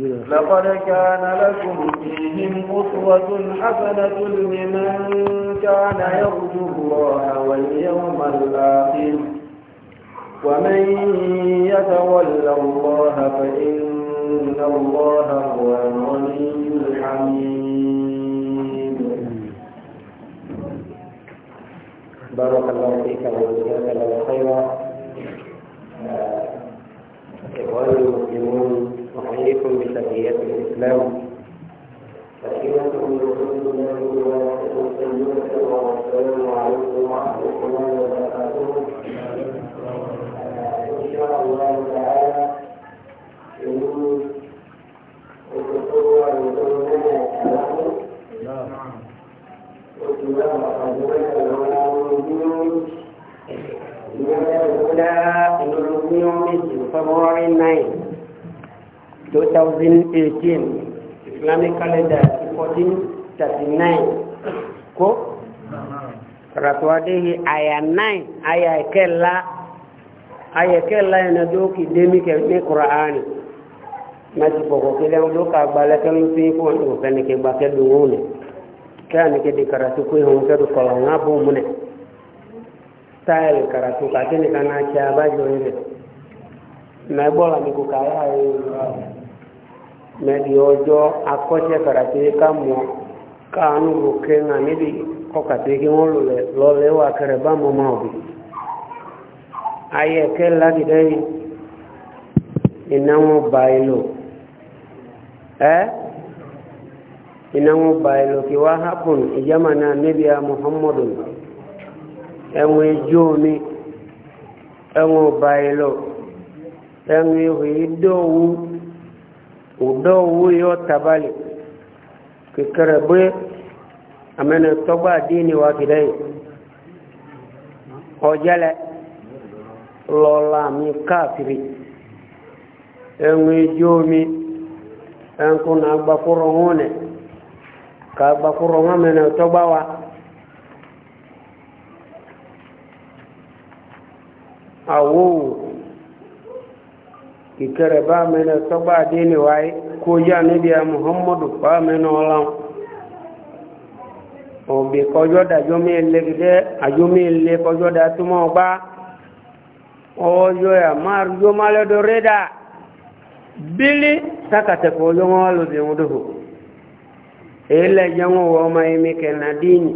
لقد كان لكم فيهم أسوة حسنة لمن كان يرجو الله واليوم الآخر ومن يتول الله فإن الله هو الغني الحميد بارك الله فيك وجزاك الله خيرا آه، إخواني المسلمون أحييكم بتحية الإسلام تحية رسول الله والسلام عليكم ورحمة الله وبركاته إن شاء الله تعالى يقول الدكتور يقول لنا الكلام نعم قلت له حضرتك الأولى من الأولى من يوم فبراير 9 2018 islamic calendar 1439 ko karatu adehi aya 9 aya kella aya kella yana doki demi ke ni qur'ani mati boko kile ndo ka bala kan fi ko ndo kan ke ba ke dungune kan ke di karatu ko hon ka do kala ngabo mune style karatu ka tene kana cha ba jo ile na bola ni ko kala ayo mẹ́rin ọjọ́ akọ́ṣẹ́ kàràtí ká mọ́ káàánú òkè ńà níbi kọkàtí kí wọ́n lòlẹ̀ lọ́lẹ̀ wà kẹrẹ bá mọ́ máa bì ayé ẹ̀kẹ́ lágídẹ́ yìí iná wọn bá ẹ lò ẹ́ muhammadu ẹ̀wọ̀n ijó mi ẹ̀wọ̀n bá ẹ iwu ẹ̀wọ̀n udo huyo tabali kikerebe amene toba dini wa kidai ojale lola mi kafiri enwe jomi enko na gbakuro ngone ka gbakuro ngamene toba wa awo ikere ba mene soba dini wai ko ya nabi muhammadu ba mene ola o bi ko joda jomi legde a jomi le ko joda tumo ba o yo ya mar yo male do reda bili takate ko yo malu de mudu ele yango o mai mi kena dini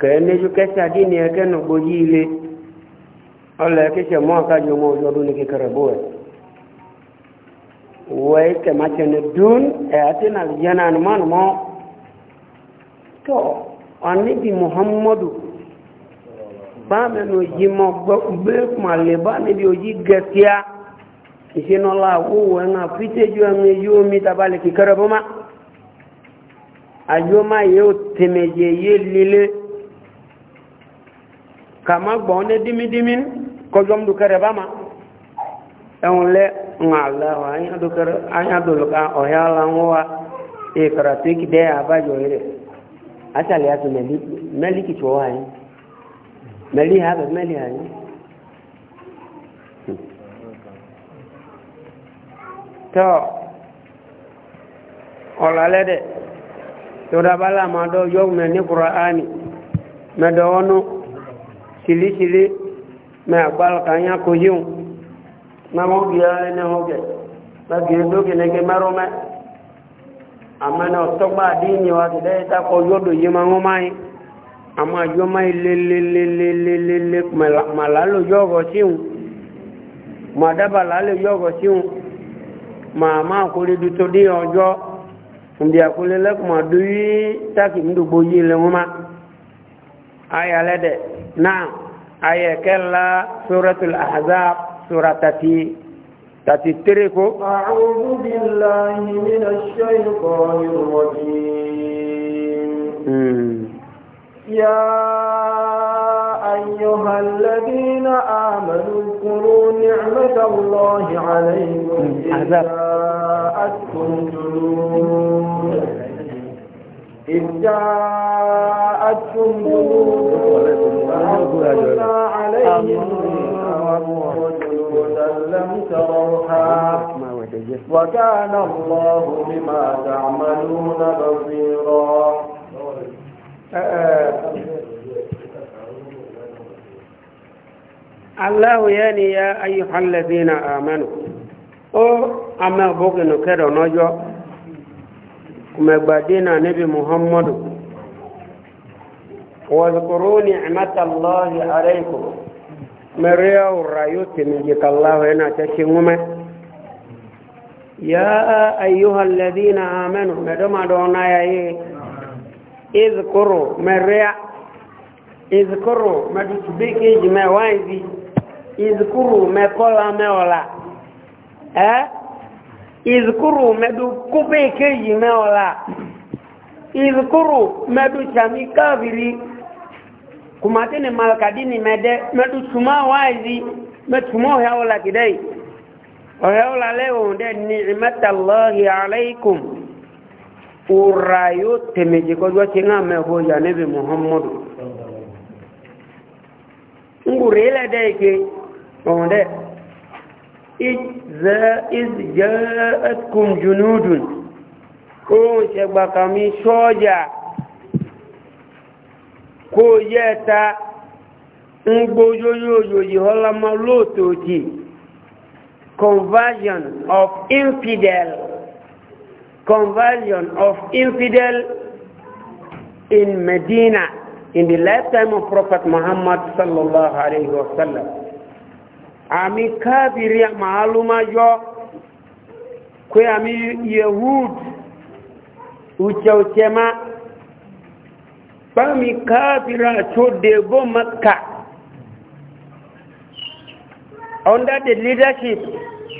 kene ju kesa dini e kenu bojile ole kisha mwaka jomo jodu ni kikare boye wai kamace na dun a eh, yati na yana numan ma to anibi muhammadu ba mi no yi ma gbe kuma le ba mi bi oji gaskiya ishe na la wo fite ju an yi omi ta bale ki karabo ma ma ye o temeje ye lile kama gbọn ne dimi dimi kọjọm du kẹrẹ ba o ẹ̀hún lẹ́ ńàláwà anyádòlùká ọ̀yá aláwọ́wà ìkàràtíkì dẹ́ àbájọ rẹ̀ aṣàlẹ̀ àti mẹ́lì kìtù ọwà yìí mẹ́lì àbẹ̀ mẹ́lì àyí tọ́ ọ̀làlẹ́dẹ̀ tó dábálà máa dọ́ yọ́gbùnmẹ̀ ní kùrọ̀ áni mẹ́dọ̀ọ́nú sílísílí mẹ́ àgbàlùkà yá kò yíun mamogia ene hoge magezo keneke marome amane otogba adini wakide ta ko yodo yima ngomai ama yomai lelelelelele malalo yogo siu madaba lalo yogo siu mama kule dutodi ojo mbi akule lekuma duyi taki mdugbo yile ngoma ayalede na ayekela suratul Azab. سورة تاتي تاتي كو أعوذ بالله من الشيطان الرجيم يا أيها الذين آمنوا اذكروا نعمة الله عليكم إذا جاءتكم جنود إذ جاءتكم جنود عليهم وسلم روحا وكان الله بما تعملون بصيرا الله يعني يا أيها الذين آمنوا أو أما بغنوا كده نجو كما بدينا نبي محمد واذكروا نعمة الله عليكم مريا ورايو تميجيك الله هنا تشمومة يا أيها الذين آمنوا مدما دونا يا اذكروا مريا اذكروا مدتبيكي جمع وايزي اذكروا مقولا مولا ها اذكروا مدكبيكي جمع ولا اذكروا مدتشامي كافري kumatene malkadini mede medutuma wazi metuma oheola kidai oheola leo nde nicmatallahi alaikum urayo temejikozwa cingame hoja nebi muhammadu ngurile deike onde iz jaatkum junudun o segbakami soja kó yẹ ta ń gbóyóyóyòyì ọlọmọ lóòtòjì conversion of infidel conversion of infidel in medina in the lifetime of prophet muhammad sallallahu alayhi wa sallam àmì káàbìrì màálùmá yọ kó àmì yehud ùchẹ̀ùchẹ̀ máa fami kafira to dey makka under the leadership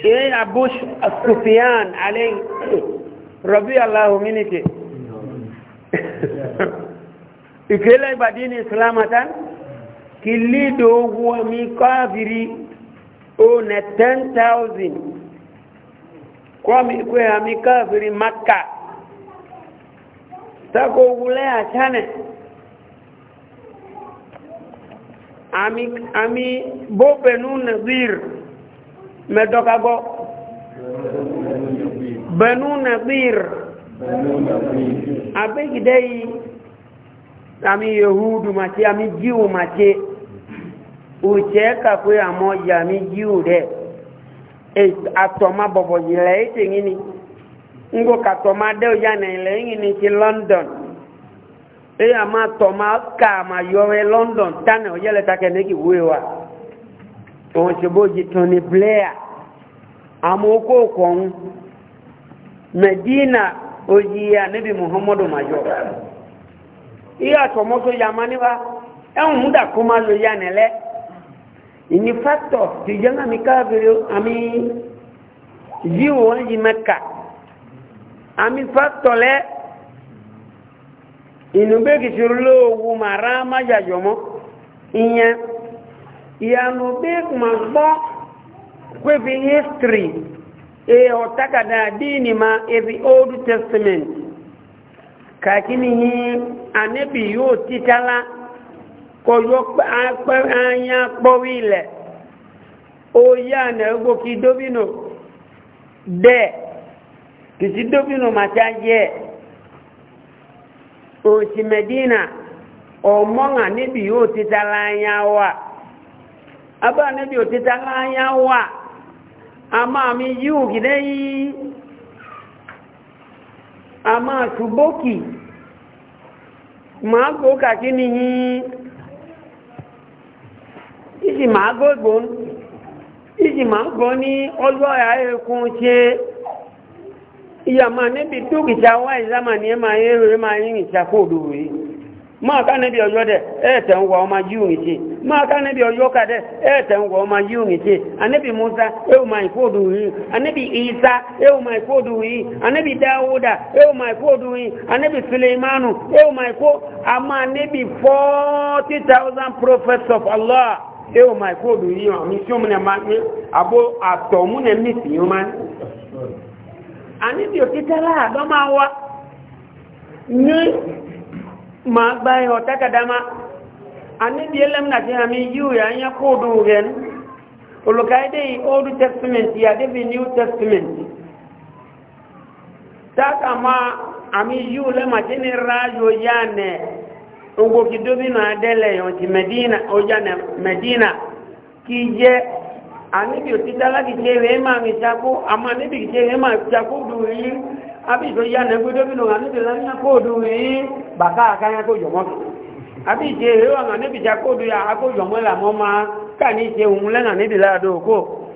in abush sufyan alayhi rabi allah minike ikele badini islamatan kilido huwa mikafiri o na 10000 kwa mikwe mikafiri makka tako gule achane ami ami bo benu nazir me doka go benu nazir abe gidei ami yehudu mati ami jiu mati uche ka kwe amoja ami jiu de e atoma bobo yile ite ngini ngo katoma de ojana ile ngini ki london eye ama tɔ ma ka ma yɔwɛ london tani o yɛlɛ ta kɛ ne ki wue wa òun ti bó di tony blair amewo kó kɔn medina oyiya nebi muhammadu majɔ iya tɔmɔso yama ni wa ɛhun mu da kuma lo ya ne lɛ ìní factor ti jẹ́ àmì káàbìrì àmì yíwò wọ́n mẹ́ka àmì factor lẹ́ ìnùgbé kìsìrì lóòwú màrá májàjọmọ́ ìyẹn ìyànà bí ma gbọ́ kwébi history e ọ̀takàdà dìní ma ebi old testament kàkíní yí anẹ́bì yóò títàlá kọjọ́ anya pọ́wí ilẹ̀ ó yá nà ẹgbòkí dóbínò dẹ̀ kìsì dóbínò màtá yẹ́ ẹ̀ otu medina ọmọnwa n'ebi otitala anyanwụ a abụọ n'ebi otitala anyanwụ a ama ama iji ogide yi ama asuboki ma agụ ụka gịnị yi iji ma agụ egbo iji ma agụ onye ọlụ ọhịa ekwu ochie ìyàmà níbi dúkìtà wá ìzámà ní ẹmà ẹ̀rọ ẹmà yìí ìṣàkó òdòrò yìí máa ká níbi ọjọ́ dẹ̀ ẹ̀ẹ̀tẹ̀ ń wọ ọmọ yíò ní ṣe máa ká níbi ọjọ́ ká dẹ̀ ẹ̀ẹ̀tẹ̀ ń wọ ọmọ yíò ní ṣe anábì musa ẹ̀ọ̀mà ìfòdù yìí anábì isa ẹ̀ọ̀mà ìfòdù yìí anábì dáwúdà ẹ̀ọ̀mà ìfòdù yìí anábì suleimanu ẹ̀ọ̀mà ìfò àmà níbi forty thousand prophets of allah ẹ̀ọ̀mà ìfòdù yìí àmì sọ́mu àníbi òkítẹ́lá àdọ́ máa wá ní ma gba ihò takadama àníbi ẹlẹ́mìnà tí a mi yíò yà ń yá kóòdù rẹ̀ ní olùkàídé old testament yà débi new testament táàkà máa àmì yíò lẹ́mà tí ní ráyò yá nẹ̀ ogbòkìdóbìnà adẹ́lẹ̀ ọ̀tí medina kí jẹ́ a otitala kitewe ema mitako ama anibi a ema mitako duwi abi so ya na gudo bino anibi la na ko duwi baka akanya ko yomo abi je he wa anibi ja ko duya ako yomo la mama kani je un la na anibi la do ko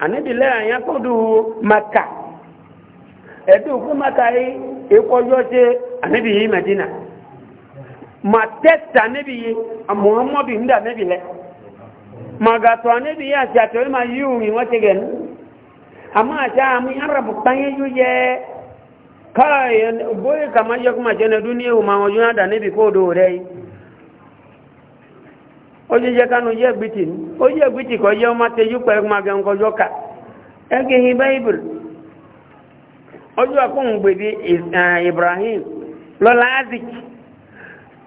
anibi ya ko du maka edu ku maka yi e ko yo je medina ma testa anibi yi muhammadu magato anebi ya si atowe mayungi wategen ama acha mi arabu tanye juje kai boye kama yo kuma jene dunia uma ojuna da nebi ko do rei oje je kanu je bitin oje biti ko je ma teju pe ma gan ko joka ege hi bible ojo akun gbedi eh, eh, ibrahim lo lazik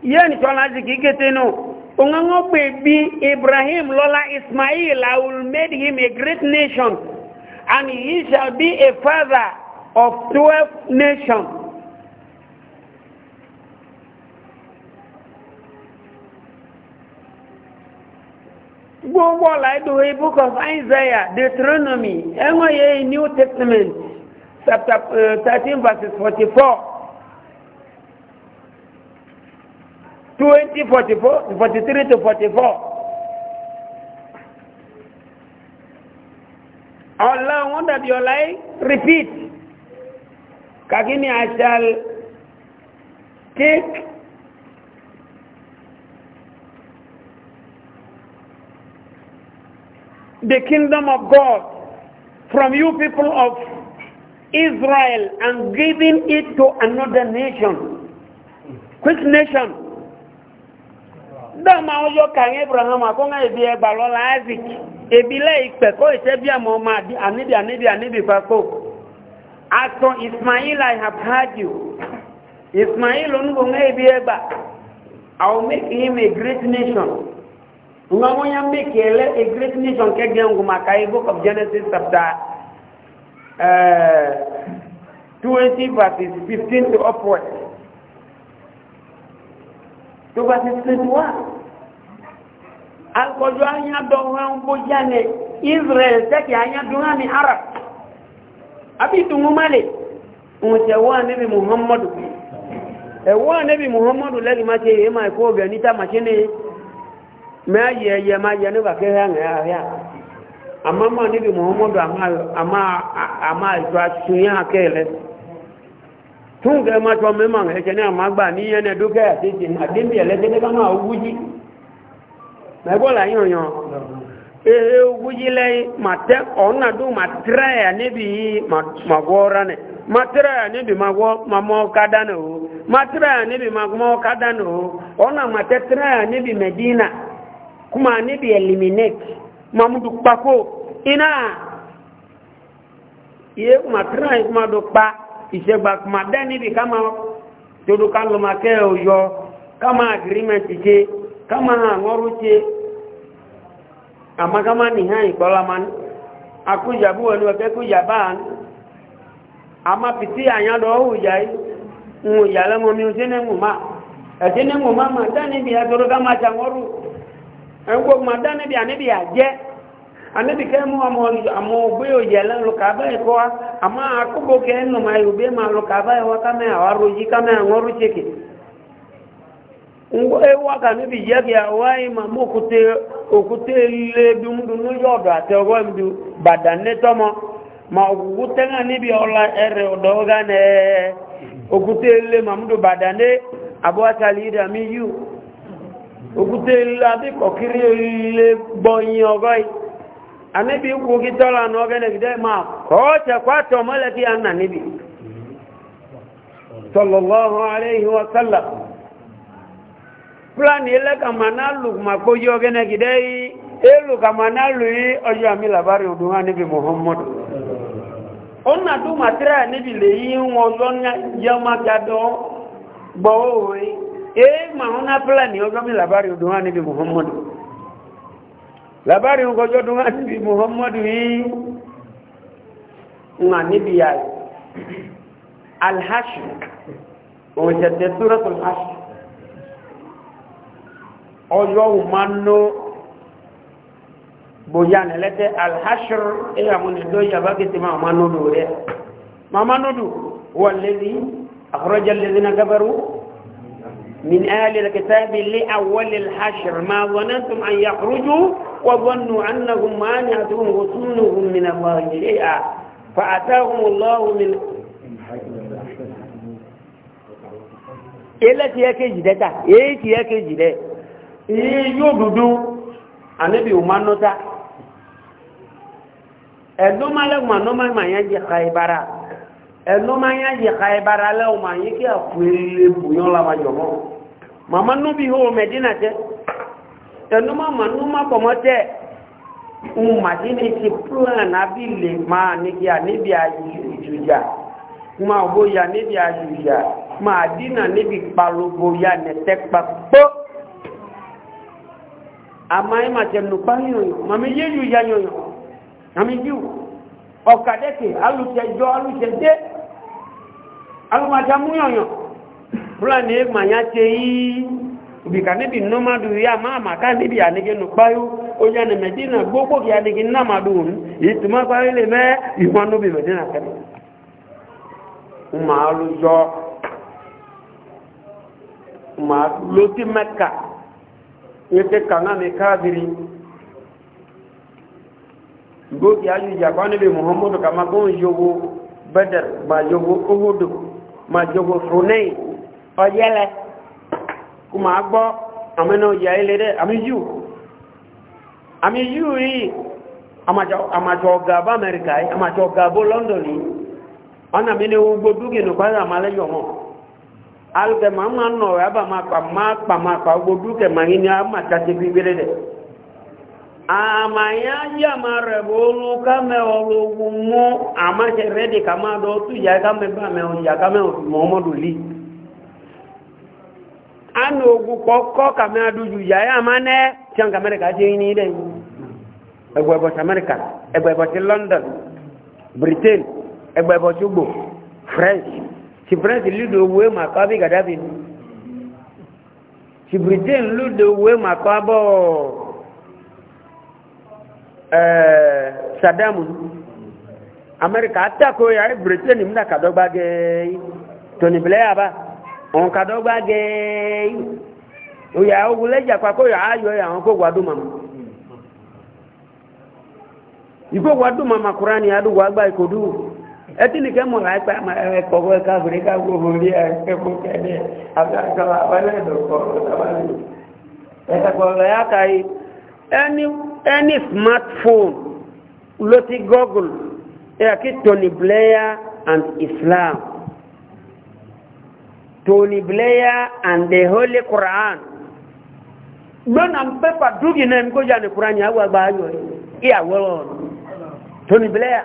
yeni to lazik iketenu Ongango baby Ibrahim Lola Ismail, I will make him a great nation, and he shall be a father of twelve nations. Gbogbo ọ̀la ìdòwe book of Isaiah, Deuteronomy, ẹ̀wọ̀n yẹ New Testament, chapter uh, thirteen verse forty-four. 2044 43 to 44 Allah wọ́n dàbí ọ̀la yìí repeat kàkí ni I shall take the kingdom of God from you people of Israel and giving it to another nation. Which nation? dama ọjọ́ kàrin abraham akọ́nà ìbí ẹgbà lọ́la isaac ìbílẹ̀ ìpẹ̀ kó ìṣẹ́ bí àmọ́ ọmọ àníbì àníbì àníbì papọ̀ atọ ismail i have heard you ismail onúgbòmọ́ ìbí ẹgbà i will make him a great nation nga wọ́n yá make ele a great nation kẹ́gẹ́ ngùn màkà yìí book of genesis chapter eh, twenty verses fifteen to upwards tó bá ti twenty one alukɔdu anyadɔ hɔn gbodza ne israel sɛki anyadu hɔn ni arab abi dumuma le ŋutɛ wɔn ne bi muhammadu ɛwɔn ne bi muhammadu lɛ lima se yema ko bɛ nita machine mɛ yɛ yɛ ma yɛ ne ba kɛ hɛ ŋɛ ahɛ amama ne bi muhammadu ama ama ama ɛtɔ asunya kɛ tunge macho memang hekene amagba ni yene duke atiti na dimbi elete ne kama uguji na gola nyonyo eh uguji le mate ona du matraya ne bi magora ne matraya ne bi magwo mamo kada ne o matraya ne bi magmo kada ne o ona matraya ne bi medina kuma ne bi eliminate mamdu kpako ina ye matraya kuma do kpako ìṣẹ́gbà ma dẹ́ níbi ká ma tòdó ká lọ ma kẹ́ ọ̀yọ́ ká ma agreement ṣe ká ma àwọ́rú ṣe àmá ká ma nìhàn ìpọ́lá ma akújàbú ẹnu ẹ̀kẹ́ kújàbá àmá pìtí àyàndọ̀ ọ̀hù ìjà ìhùn ìjà lẹ́mọ mi ṣe ní mùmá ẹ̀ṣẹ́ ní mùmá ma dẹ́ níbi ẹ̀ tòdó ká ma níbi àjẹ́ anabi kɛ mu amɔ amɔ gbe o yɛlɛ lo kaba yi kɔ ama akobo kɛ nɔma yi o ma lo kaba yi wa kama awa ro yi kama aŋɔro tseke ŋgɔ ewa ka nebi yɛ awa yi ma mo okute okute le bi mu du no yɔ do atɛ ɔwɔ mi du bada ne tɔmɔ ma ogugu tɛŋa nebi ɔla ɛrɛ ɔdɔ ga okute le ma mu du bada ne abo atali da mi yu okute le abi kɔkiri le gbɔ yin ɔgɔ yi anibi ukwu gị tọrọ na ogenegide ma ka ọ chekwa tọmọleki ya nna nibi sallallahu alaihi wa sallam plan ile ka ma na lu ma ko yo gene gide yi elu ka ma na lu yi ojo ami labari odunga nibi muhammad onna du matra nibi le yi won lo nya ya ma ka do gbo o e ma ona plan ni ojo ami labari odunga nibi muhammad labari ngojo dunga nabi muhammad wi nga nabi ya al hashr o jadde suratul hashr ojo manno boyan lete al hashr e amune do ya bagiti ma manno do re ma manno do wallazi akhraja alladhina kafaru من أهل الكتاب لأول الحشر ما ظننتم أن يخرجوا وظنوا أنهم مانعتهم غصونهم من الله شيئا فأتاهم الله من إلا تيكي جدتا إيه تيكي جدتا إيه يوددو النبي أمانوتا ẹ̀dọ́ máa lẹ́gùn àná máa máa yá jẹ xaibara ẹ̀dọ́ máa yá jẹ xaibara lẹ́wọ̀n máa yẹ kí àpò eré bùyọ́ làwọn àjọ̀mọ́. mama nubi ho medina te enuma manuma komo te un madini ti plan abile ma ni ya ni bi ajuja ma obo ya ni bi ajuja ma adina ni bi palogo ya ne te papo amai ma te nu panyo mami ye yu ya yo mami ju okadeke alu te jo alu te de alu ma jamu yo yo ma manya ce yi bika níbi nomadu ya maa màká níbi àníkẹ́ nù páyó ó yá na mẹ́dínà gbogbo kí àníkẹ́ námàdù òun ìtumọ̀ n'i lè mẹ́ ìwọ̀n níbi mẹ́dínà kẹ́lẹ̀ máa ló yọ máa ló tí ka ètè kàná ní káàbìrì gbogbo ayé ìjàpá níbi muhammadu kàmá ọjẹ́lẹ̀ kò máa gbọ́ àmẹ́nà òjì ayé lédè àmì yíò àmì yíò rí àmàjọ ọ̀gá bá amẹ́ríkà yìí àmàjọ ọ̀gá bó london yìí ọ̀nà mi ni gbogbo dúkì nù pàdé àmàlẹ́yọ̀ mọ́ alùpẹ̀ máa máa nọ̀ ọ̀rẹ́ àbà máa pa máa pa máa pa anu ogun kɔkɔ kame adudu ya ya ma nɛ tiɛn kamɛrika ti yin ni dɛ ɛgbɛbɔti amɛrika ɛgbɛbɔti london britain ɛgbɛbɔti ugbo french ti french ludo owu ma kɔ abi gadafi ti britain ludo owu ma kɔ abɔ ɛɛ eh, sadamu amɛrika atako ya britain mi na kadɔgba gɛɛ tɔnibila ba. òun kàdọ́gba gẹ́ẹ́ òyà ogun pàkó yà á yọ àwọn kó wàdú màmá ìkó wàdú màmá kúrá ni adúgbò àgbà ìkòdú ẹtìlì kẹmọ àìpẹ ẹkọ ẹka àbúrẹ ká gbogbo rí ẹkọ kẹdẹ àbúrẹ àbálẹ ẹdọkọ àbálẹ ẹkọ ẹyà káyé ẹni ẹni smartphone ló google ẹ kí tony blair and islam. Tony Blair and the Holy Quran. Gbọ́nà pépà dúgì náà ní kó jà ní Kùránì yàwó àgbà Yeah, well lọ́nà. Tony Blair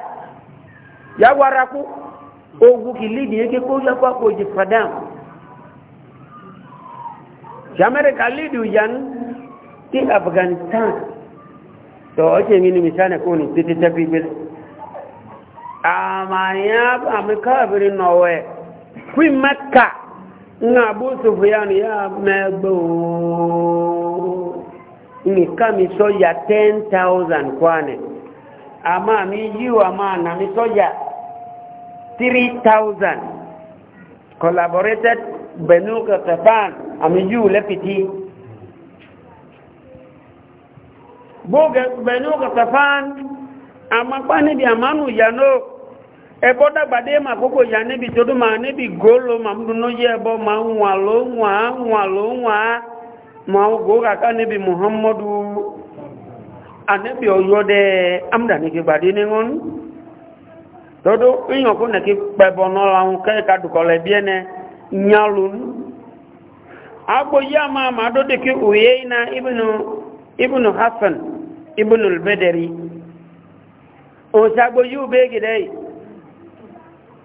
yàwó arakú ogun kì lídì yẹ́ kí kó ko kò jì Fadam. Ṣé Amẹ́ríkà lídì ìyàn tí Afghanistan tọ́ ọ́ṣẹ́ mi ní Mìsánà kò ní títí tẹ́bí gbé. Àmàyàn àmì káàbìrì nọ̀wẹ̀ kí Mẹ́kà na abu sufyan ya megbo ni kami ten thousand kwane ama mi yiwa mana mi soja 3000 collaborated banu qatafan ami yu lepiti boga banu qatafan ama kwani bi amanu no. ẹbọ dàgbàdé mà kókò ya níbi tọdún mà níbi góòlò mà múdùnú yẹ ẹbọ mà ń wà ló ń muhammadu ọyọ dẹ amúdà ní kígbàdé ní wọn tọdún ìyàn kó nàkí pẹbọ náà làwọn kẹka nyalun agbo yá máa mà dóde kí òye iná ibùnú ibùnú hasan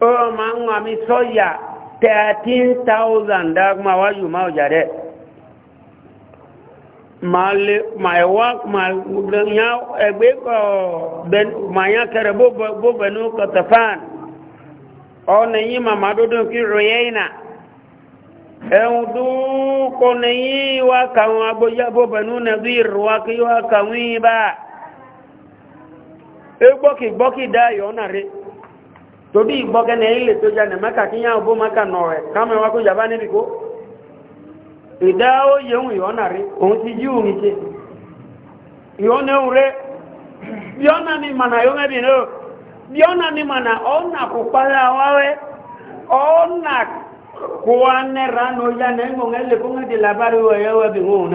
o ma ń wà mí sọ́yà 13,000 dákùnmá wájú máa ọjà rẹ̀ ma lè ma ẹ̀wọ́ ma ya ẹgbẹ́ kọ ma ya kẹrẹ bó bẹ̀nu kọtafán ọ̀nà yí ma ma dúdú kí ròyẹ́ ìnà ẹ̀hùn dúkọ̀ nà yí wá kàwọn agbójá bó bẹ̀nu nàbí ìrùwá kí wá kàwọn yí bá ẹgbọ́kì gbọ́kì dá yọ̀ náà rẹ̀ todi igbọ́gẹ́nẹ̀ ilẹ̀ tó jà nẹ̀mẹ́kà kí yá ọbọ́ mẹ́kà nọ̀ ẹ̀ kámẹ́wà kó jàbá níbi kó ìdá ó yẹun ìyọ́nà rí òun ti jí òun ṣe ìyọ́nà òre bíọ́nà ni mànà yóò mẹ́bì náà bíọ́nà ni mànà ọ̀nà kò pàrà wáwẹ́ ọ̀nà kò wá nẹ́ra nù yá nẹ́gbọ̀n ẹlẹ́ kó ń di làbárí ọ̀yẹ́wẹ́ bí wọn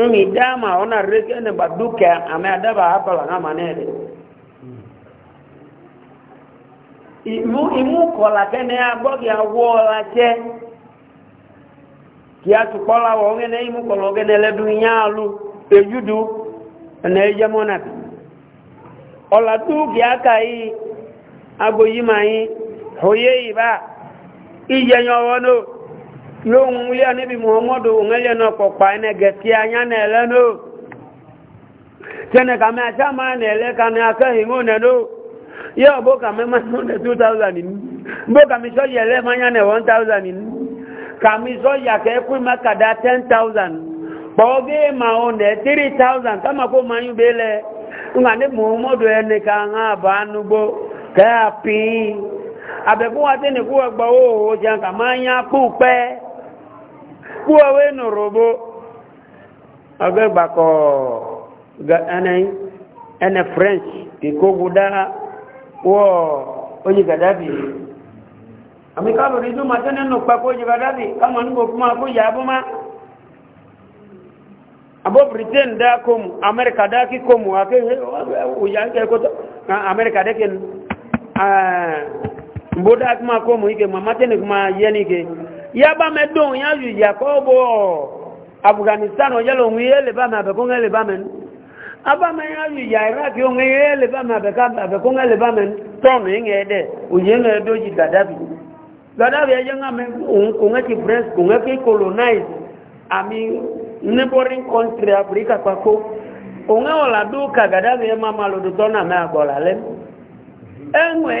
ngi dama ona rege ne baduke ame adaba hapa la ngama nele imu imu kola kene abogi awola che kia tukola wonge ne imu kologe ne le dunyalu ejudu ne jamona ola tu kia kai aboyi mai hoye iba ijenyo wono lóhun ilé níbi muhammadu òǹẹ́lẹ̀ náà pọ̀pá ẹnẹ gẹ̀ẹ́sì ayánà ẹ̀lẹ́ náà tẹ́nẹ̀ kàmẹ́ àṣàmà ẹ̀lẹ́ kanẹ́ akẹ́hìmọ́ ọ̀nẹ́ náà yẹ́ ọ̀bọ́ kàmẹ́ máa ní 2000 nínú bó kàmí sọ́yì ẹ̀lẹ́ máa yánà 1000 nínú kàmí sọ́yì àkẹ́kùn mẹ́kàdá 10000 pọ̀ọ́gẹ́ máa ọ̀nẹ́ 3000 támàkó máa yún bẹ́ẹ̀lẹ́ ńgbà muhammadu ẹnì kan àbá nugbó kẹ́ àpín àbẹ̀kún wa tẹ́nìkú ẹgbà kúọ̀wé nù rògbò ọgbẹ́gbàkọ̀ ẹnẹ french kìkógu dá wọ́ oyin gàdábì àmì káàbùrì tó máa tẹ́lẹ̀ nù pẹ́ kó oyin gàdábì káàmù nígbò fún máa kó yà bó má àbó britain dá kóòmù amẹ́ríkà dá kí kóòmù akéwé òyà ń kẹ́ kótó amẹ́ríkà dẹ́kẹ́ eh, mbó dá kí máa kóòmù ike màmá tẹ́lẹ̀ kí máa yẹ́ ní ike yaba mɛ don ya yu yakobo afghanistan ojalo ŋun ye le ba mɛ abɛ ko ŋa ba mɛ aba mɛ ya yu ya iraq yo ŋa ye le ba mɛ abɛ ka abɛ ko ŋa le ba mɛ tɔnu yi ŋa yɛ o ye ŋa yɛ do yi gadabi gadabi yɛ ŋa mɛ òun ko ŋa ti france ko ŋa fi colonize ami neighboring country africa kpako òun ŋa wòle adu ka gadabi yɛ e ma ma lo do tɔnu amɛ agbɔ la lɛ eŋue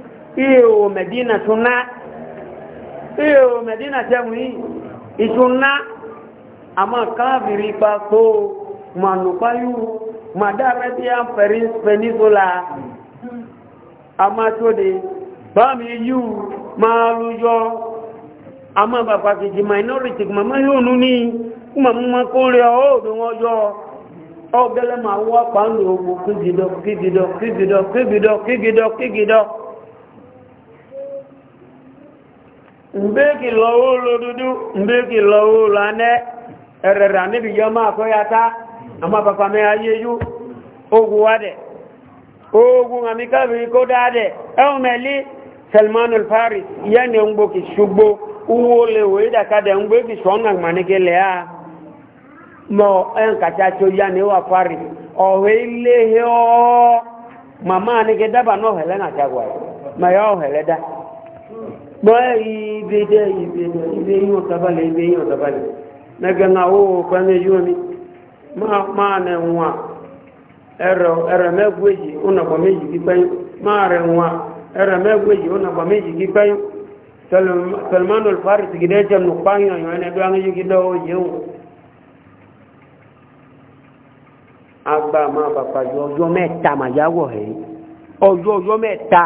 iyo medina tuna iyo medina tẹmu yìí ìtuna àmọ́ káàbìrì pa kó manupáyú madaretian peninsula amátóde bámi yú máa lójọ́ àmọ́ bàbá kejì minority màmá yóò nú ní màmá kó rẹ̀ ọ́ọ̀dùn ọjọ́ ọgẹ́lẹ́ máa wọ́ pàánù ogun kígidọ́ kígidọ́ kígidọ́ kígidọ́ kígidọ́ mbeki lọ́wọ́ lódúdú mbeki lọ́wọ́ lánẹ́ ẹ̀rẹ̀rẹ̀ níbi yọ máa kọ́ ya tá àmá pàpà mẹ́ ayé yú ogun wá dẹ̀ ogun àmì káàbìrì kó dáa dẹ̀ ẹ̀hùn mẹ́lí salman al-faris yẹ́ ni ń gbókì ṣùgbó uwo lè wòye dàkadẹ̀ ń gbókì sọ́nà gbàníkẹ́ lẹ́ à mọ́ ẹ̀hùn kàtà tó yá ni wà faris ọ̀hẹ́ ilé ọ́ màmá àníkẹ́ dábàá náà hẹ̀lẹ́ nà bọ́ẹ̀ ibe dẹ́ ibe dẹ́ ibe yíò tabalẹ̀ ibe yíò tabalẹ̀ nẹ́gẹ̀nà owó pẹ́lú yíò ní máa nẹ̀ wà ẹ̀rọ mẹ́gbẹ̀ẹ́jì ọ̀nàbọ̀ méjì kípẹ́yìn máa rẹ̀ wà ẹ̀rọ mẹ́gbẹ̀ẹ́jì ọ̀nàbọ̀ méjì kípẹ́yìn salmanul faris gidẹ́ jẹ́ nù pààyàn yọ̀ ẹni ẹgbẹ́ anúyí gidẹ́ ó yẹun agbá máa bàbá ju ọjọ́ mẹ́ta màyáwọ̀ ẹ̀ ọjọ́ ọjọ́ mẹ́ta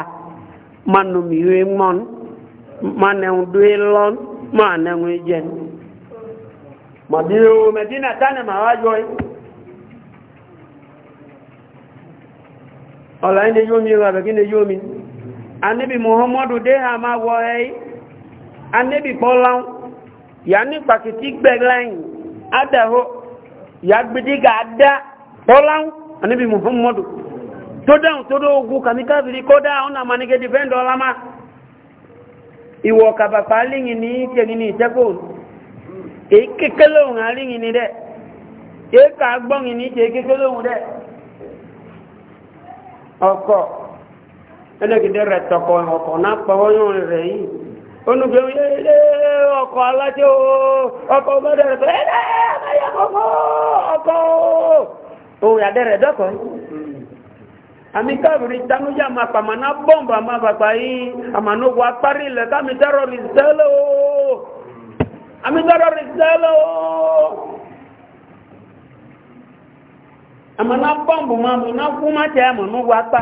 mánu mi rẹ̀ mọ́nù manẹ̀hùn dúé lọ́n máa nẹ̀hùn ìjẹ́ màdínà o mẹ̀dínà tánà máa wá jọ ọ̀lá ní yóò mi na muhammadu dé ha máa wọ ẹ́ anẹ́bì pọ́láun yà ní pàkìtì gbẹ̀lẹ́yìn adàhó yà gbẹ̀dígà adá pọ́láun muhammadu tó dáhùn ogun kàmíkàbìrì ìwọ̀ kàbàpá líyìn ní ìtẹ̀yìn ní ìtẹ́kò èyí kékeré òun àríyìn ní dẹ̀ èyí kà gbọ́yìn ní ìtẹ̀ kékeré òun dẹ̀ ọkọ̀ ẹlẹ́gidẹ́ rẹ̀ tọkọ̀ ọkọ̀ náà pọ̀wọ́yún rẹ̀ yìí onugbe ń yé ọkọ̀ alájẹ́ o ọkọ̀ ọmọdé rẹ̀ tọ́ ẹ̀ẹ́ ọkọ̀ ọkọ̀ òun yàdẹ́ rẹ̀ dọ́kọ̀ yìí. ami kabiri tanuja mapa mana bomba ma papa yi amano wa pari le kami terrorist delo ami terrorist delo amana bombu ma mo na kuma te amano wa pa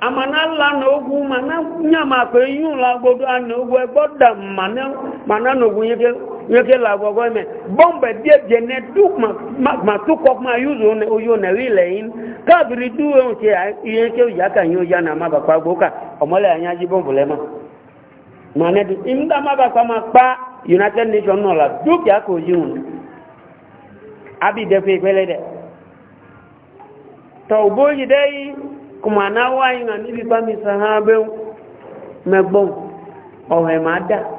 amana la na ogu mana nya ma pe yun la godo an ogu e goda mana mana no ogu yeke yeke la gbɔgbɔ mɛ bɔn bɛ bie bie ne du ma ma tu kɔ kuma yu zo ne oyo ne wi le yin biri du yɛn tse yɛn ke ya ka yɛn ya na ma ba kpa gbo ka ɔmɔ le anya dzi bɔn bɔlɛ ma ma ne du nga ma ba kpa ma kpa united nations nɔ la du ya ko yi ŋu abi de fe gbɛlɛ dɛ tɔw bo yi de yi kuma na wa yi ŋa nibi ba mi sa hã be ŋu mɛ ma da.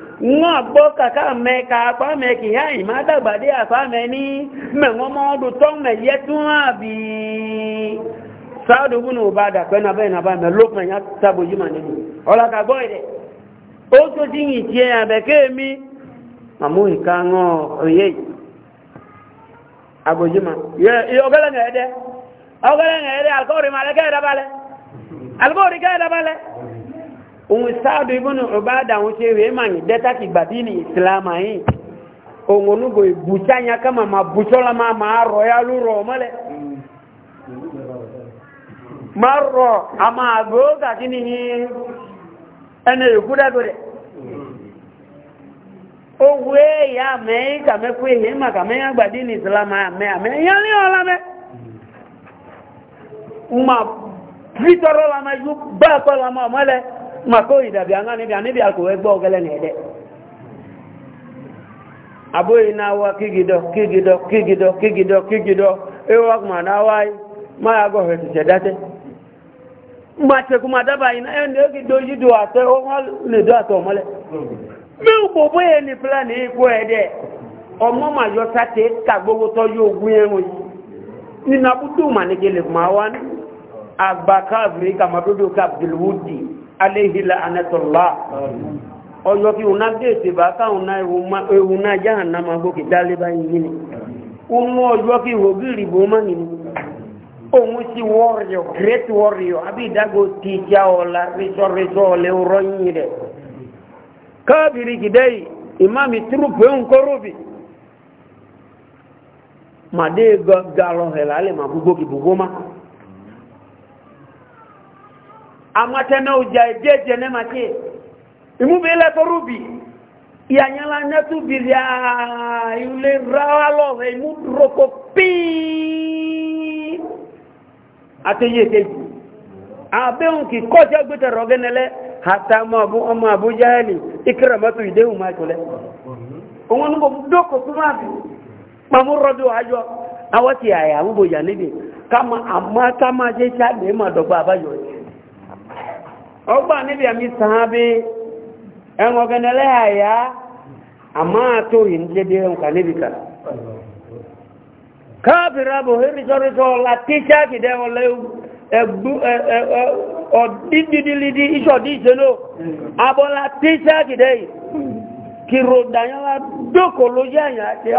ńwọ́n àgbọ́ kàkà mẹ́ka apá ka yá ìmá dàgbàdé àpá mẹ́ ní mẹ́wọ́n mọ́ ọdún tó mẹ́yẹ tún àbí sáàdùgbùn òbá dàpẹ́ nàbẹ́ nàbá mẹ́ lópin yá tàbójú mà nínú ọlákàgbọ́ ìdẹ̀ ó tó tí yìí tí ẹ̀yà bẹ̀kẹ́ mi màmú mà òun sáàdù ibùnú ọ̀bádà òun ṣe rèé mà ní dẹ́tàkì gbàdí ní ìsìlámà yìí òun onúgbò ìbùsá yẹn ká màmá bùsọ́lá máa rọ̀ ya ló mọ́lẹ̀ máa rọ̀ àmà àgbóògà kí ka ẹni ìkú dẹ́gbẹ̀rẹ̀ owó èyà mẹ́yìn kàmẹ́kú èyí kàmẹ́yìn àgbàdí ní ìsìlámà ma ìdàbí àwọn níbi àníbí àkòwẹ́ gbọ́ ọgẹ́lẹ́ ní ẹ̀dẹ́ àbóyí náà kígidọ kígidọ kígidọ kígidọ kígidọ ewọ́ kùmà náà ma ọmọ yọ kàmàdódó aléhi la'anatullah ọjọ́ kí una déètè bá káwọn náà ewu náà jáhàn náà máa gbókè dálé báyìí yìí unú ọjọ́ kí rògìrì bó má nìyí òun sí warrior great warrior àbí ìdágò ti ìjà ọ̀la rẹsọ̀rẹsọ̀ ọ̀lẹ́ ọ̀rọ̀ yìí rẹ̀ káàbìrì kìdẹ́ yìí ìmáàmì túrùpù ń kóró bì màdé galọ̀ hẹ̀ lálẹ́ màá gbogbo kìbùgbó má amma tana uja jeje ne make imu bele to rubi ya nyala na tu bi ya ah, yule rawalo ve mu roko pi ateye ke abe on ki ko je gbe tero genele hata mo abu o mo abu jahili ikramatu ideu ma tole won ngo doko tuma bi mamuradu hajo awati aya mu boya nibi kama amma kama je cha be ma dogba abayo ọgbà níbi àmì sàábí ẹ̀wọ̀n gẹ̀nẹ̀lẹ́ àyà àmáàtò ìdílé ǹkà níbi kà káàbìrà bò hírísọ́rísọ́ ọ̀la tíṣáàkì dẹ́wọ̀lẹ́ ọ̀dídídílídí iṣọ̀dí dókò lójú àyà àti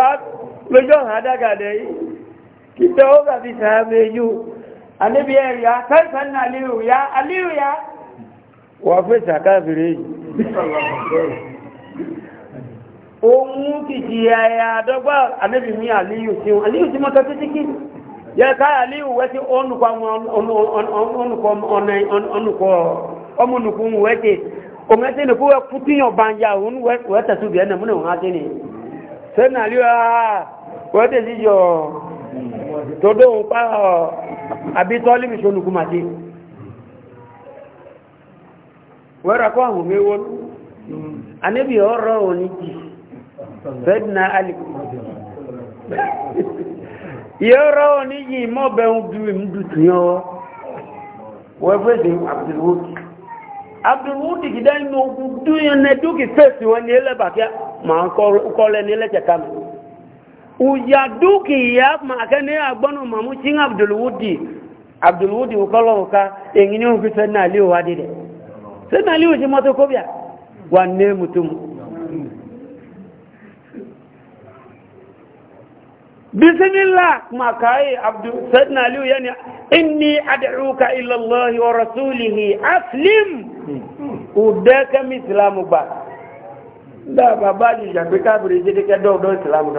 kí gàbí ẹ̀rì wọ́n fẹ́ sàkáfìrí yìí ohun kìkì ẹ̀yà àdọ́gbà anẹ́bì ní àlíyù tí wọ́n àlíyù tí mọ́ tọ́tí tí kí yẹ ká àlíyù wẹ́ tí ọnùkọ ọmọnùkọ wẹ́tẹ̀ òun ẹ́tẹ́ nìkú wẹ́ kú tíyàn bá ń ya òun wẹ́tẹ̀sù bí ẹ̀nà múnà wọ́n á tẹ́ ni sẹ́nà àlíyù wẹ́tẹ̀ sí yọ tọ́dọ̀ òun pá wẹ́rọ kọ́ àwọn mẹ́wọ́ anẹ́bí ọ̀rọ̀ òní jì fẹ́dínà alìkù yọ́rọ̀ òní jì mọ́ bẹ̀rún bí i mdùtù yọ́wọ́ wẹ́fẹ́sì abdulwood abdulwood gidá inú ogun dúyẹn dúkì fèsì wọn ní ẹlẹ́bàkẹ́ ma ń kọ́lẹ̀ ní mi ùyà dúkì agbọ́nù màmú ọ̀ka èyí fi fẹ́ náà lé sai na liyu ji mato ko biya wanne mutum bismillah ma kai abdu sayyidina liyu yani inni ad'uka ila allah wa rasulih aslim udaka mislamu ba da baba ji ya bi kabri ji de do do islamu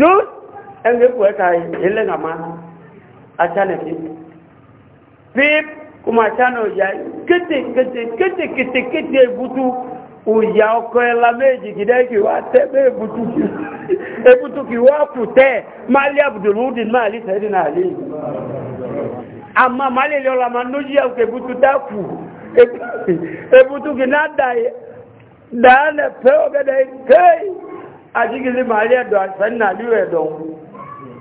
da ẹnu ekò ẹka ilé máa atsánà fi píp kò máa atsánà òyà kété ebutu òyà ọkọ ẹla méjì kìdá kì wá ebutu kì ebutu kì wá tẹ máa lé abudulmudi máa lé sẹyìn náà lé ama ma yà ebutu tá kù ebutu kì náà dà yẹ ọ̀gẹ́dẹ́ kéé àti ẹ̀dọ̀ náà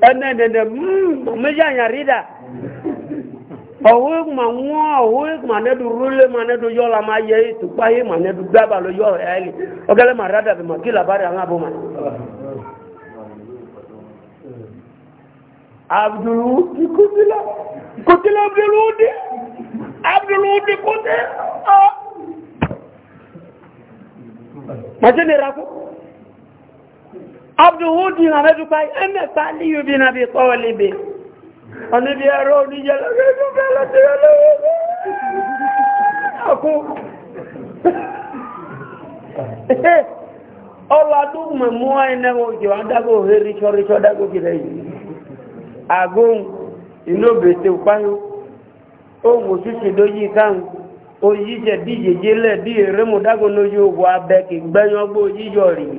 ẹnẹ dẹdẹ hmm, mẹjọ àyàrí dà ọwọ́ ìgbìmọ̀ wọ́n ọwọ́ ìgbìmọ̀ anẹ́dù rúlé ma anẹ́dù yọ́la ma yẹ ìtùpá yé ma anẹ́dù gbábà ló yọ́ ọ̀rẹ́ ẹ̀lì ọgẹ́lẹ́ ma rádà bẹ̀ ma kí làbárẹ̀ àwọn àbọ̀ ma. abdulwudi kutila kutila abdulwudi abdulwudi kutila. màtí ni rakú abdulwudi na mẹ́dúkà ẹ̀mẹ́ pàlíyù bí nàbí kọ́wọ́ lébe ọ̀nàbí ẹ̀rọ oníjẹ́ lọ́gbẹ́dúkà lọ́tẹ́rẹ́ lọ́wọ́ ọkú ọlọ́dún mẹ́mú ẹ̀nẹ́wọ̀ jọ adágó ríṣọ́ ríṣọ́ dágó kìrẹ́ yìí àgóhùn inú bèèrè páyó ohun òṣìṣì lóyí káhùn oyíjẹ̀ díjẹjẹ́ lẹ̀ bí èrè mú dágó lóyí ogun abẹ́ kì gbẹ́yàn gbó yíyọ̀ rìí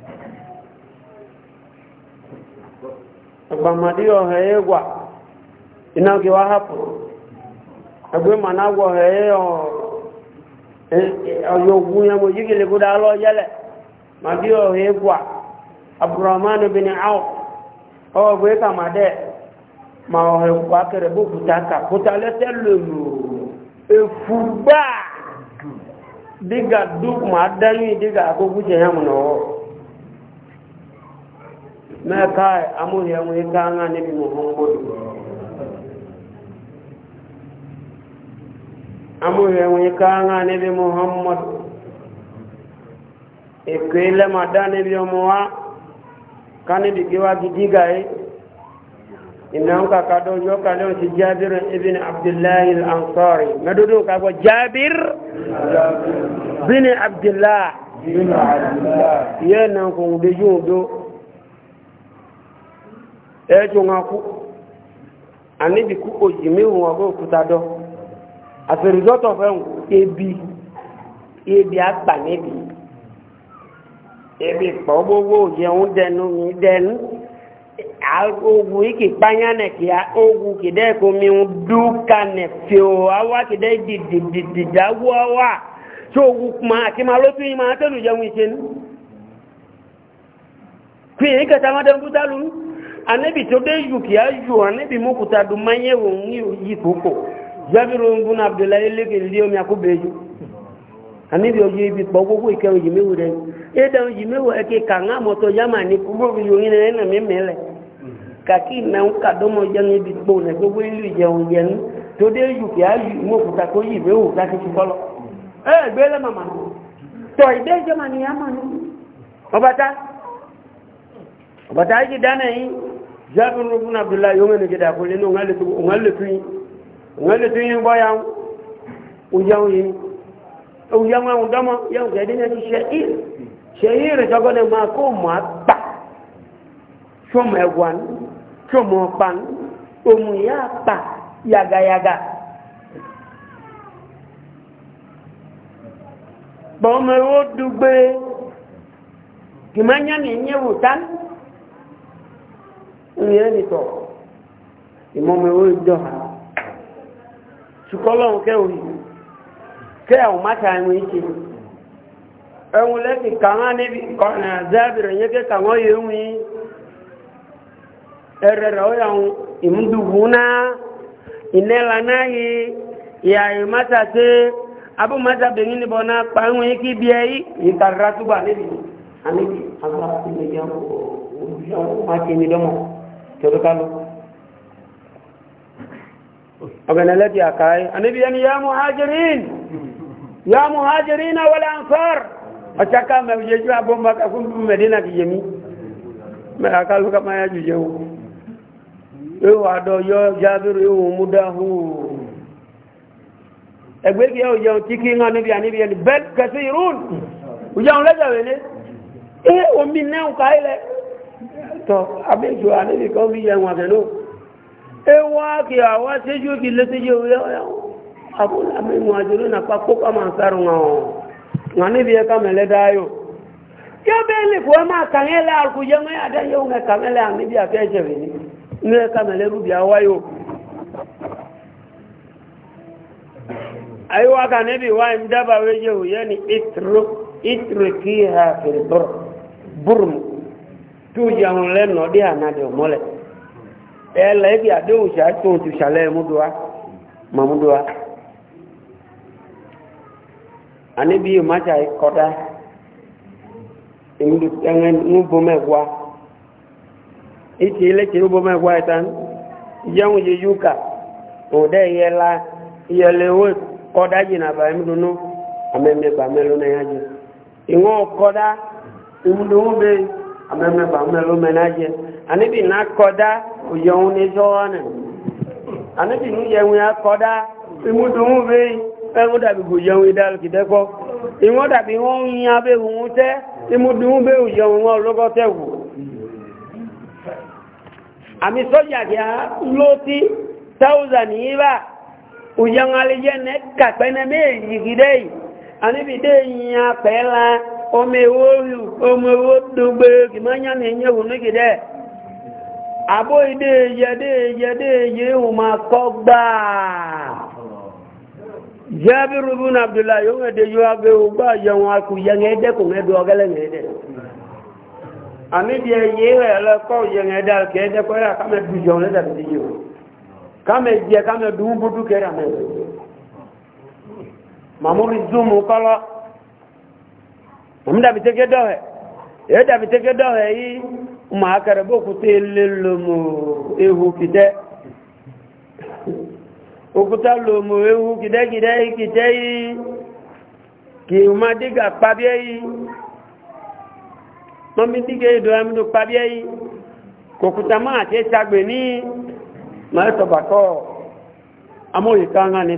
agbamadi ọha ịgwa ịnaghị wa hapụ egbe ma na agwa ọha ọyọ ogwu ya mo jigile gudu alọ yẹlẹ madi ọha ịgwa abdurrahman bin aw ọwọ bụ ka ma dẹ ma ọha ịgwa kere bụ kuta ka kuta lẹsẹ lolo efu gbaa diga duk ma dẹnu diga agogo jẹ ya mu na ọwọ. mẹ́ẹ̀ká amóhìí ẹ̀wọ̀n yìí ká ńlá níbi mọ̀mọ́mọ́dù amóhìí ẹ̀wọ̀n yìí ká ńlá níbi mọ̀mọ́mọ́dù èkó ilẹ̀ máa dá níbi ọmọ wa ká níbi kí wá gidi gà yìí ìnáwó kàkà dọ́jọ́ ká lóun ti jábìrì ibn abdullahi ansori mẹ́dọ́dọ́ ká gbọ́ jábìr bin abdullahi yẹ́n náà kò ń dojú òdo ẹjọ́ wọn kú àníbi as a result of ẹ̀hùn ebi ebi àgbà níbi ebi pọ̀ gbogbo òjẹun dẹnu mi dẹnu ogun ike kpanyane kia ogun kide komi ŋu du kane fio awa kide dididida wawa tso ogun kuma ati ma lótu yi ma atanu jẹun ise nu kuyi anabi todeju kiaju anabi mukuta dumaye a yikuko jabiru ngun abdullahi leke ndio myakubeju anabi oje ibi pogogo ikewo jimeure eda jimewo eke kanga moto jamani kubo yongine na memele kaki na ukadomo jani ibi bona gogo ilu jeun jeni todeju kiaju mukuta ko yibewo kaki chikolo eh mama to jamani yamani obata obata ji yi eh? jabir ibn abdullah yonge ne gida ko leno ngale tu ngale tu ngale tu yin boya ujaw yin ujaw ma undama yaw ga dina ni sha'ir sha'ir ta gode ma ko ma ta shomo egwan shomo pan omu ya pa yaga yaga bọ́mọ̀ ó dùgbé kìmányá ni ìyẹ́wò tán ìyẹn nìtọ̀ ìmọ̀mẹ̀wò ìjọ ṣùkọ́lọ́run kẹ́wì kẹ́ àwọn máta ẹ̀wọ̀n ìṣe ẹ̀wọ̀n lẹ́kì kàwọn níbi kọ̀nà àzábìrì yẹ́ kẹ́ kàwọn yẹ̀wọ̀n ẹ̀rẹ̀ rẹ̀ ó yàwọn ìmúdùgbù náà náà yìí ìyàyè pa tẹ̀lúkálú ọ̀gẹ̀nẹ̀lẹ́dì àkáyé anábíyàn ya muhajirin ya muhajirin na wọlé ansar ọ̀chaka mẹ́jẹjú abọ́mbà kakún bí mẹ́dínà kì yẹmí mẹ́kàkálú kama ya jùjẹ́ o ewu àdọ̀ yọ jábírù ewu múdáhù ẹgbẹ́gì ẹ̀ òjẹun tí kí ń anábíyàn anábíyàn bẹ́ẹ̀ kẹsí irun òjẹun lẹ́jọ̀ wẹ́lẹ́ tọ́ abẹ́jọ àníbì kan bí yẹ wọn àtẹ̀ló ewá kí àwọn séjú kí létíjú owó àbúlà mẹ́wọ̀n àjòrò nà papọ̀ kọ́ máa sárùn wọn wọn níbi ẹ̀ka mẹ́lẹ́dáyò yóò bẹ́ẹ̀ lè fọ́ máa kàmẹ́lẹ́ àkùjẹ́ mọ́ àdáyé òun kàmẹ́lẹ́ àníbì àfẹ́jẹ̀ rẹ̀ yani itru itrukiha fil bur burmu tó yàwọn lẹ́nà dé ànádẹ ọmọlẹ̀ ẹ̀lẹ́ ibi àdéhùn ṣàtún ti ṣàlẹ̀ múdúwá mọ̀múdúwá àníbí ìmájà kọ́dá ìmúbọmẹ́gbá ìtì ilẹ̀kì ìmúbọmẹ́gbá ìtàn yẹ́hùn yẹ yúkà òdẹ́ ìyẹlá ìyẹlẹ̀ owó kọ́dá jìnà àbáyémúdúnú àmẹ́mẹ́gbàmẹ́lónà yájú ìwọ̀n kọ́dá ìmúdúnú bẹ́ẹ̀ amẹ́mẹ́fà mẹ́lú mẹ́nájẹ́ anibi na kọ́dá òyẹ̀wò ní sọ́wọ́nà anibi ní yẹ̀wò ya kọ́dá ìmúdùnmú bẹ́ ẹ̀wọ́ dàbí kò yẹ̀wò ìdálùkìdẹ́kọ́ ìwọ́n dàbí wọ́n ń yan abẹ́ òun tẹ́ ìmúdùnmú bẹ́ òyẹ̀wò wọn lọ́gọ́ tẹ̀wò àmì sọ́jà kí ló tí táwùzà ní òyẹ̀wò alẹ́jẹ́ nẹ́ kàpẹ́nẹ́ méjì omewo dogbe kìmọ́nyá ní ẹ̀yẹ́ òun níkì dẹ́ àbó ìdé yẹdé yẹdé yẹ òun máa kọ́ gbáà jaabiru bin abdullahi yóò ŋɛde yóò abe o gba yẹwọn aku yẹŋɛ dɛ kò ŋɛ do ɔgɛlɛ ŋɛ dɛ ami diɛ yé wɛ lɛ kɔ yɛŋɛ dɛ kɛ dɛ kɔ yà kàmɛ du jɔn lɛ dàbí ti yi o kàmɛ diɛ kàmɛ dùn budu kɛ dàmɛ mamudu zumu kɔlɔ umda biteke dohe yeda biteke dohe yi ma akara boku te lelomo ehu kide okuta lomo ehu kide kide kide yi ki uma diga pabie yi mami diga ido amido pabie yi kokuta ma ati sagbe ni ma eto bako amoyi kanga ni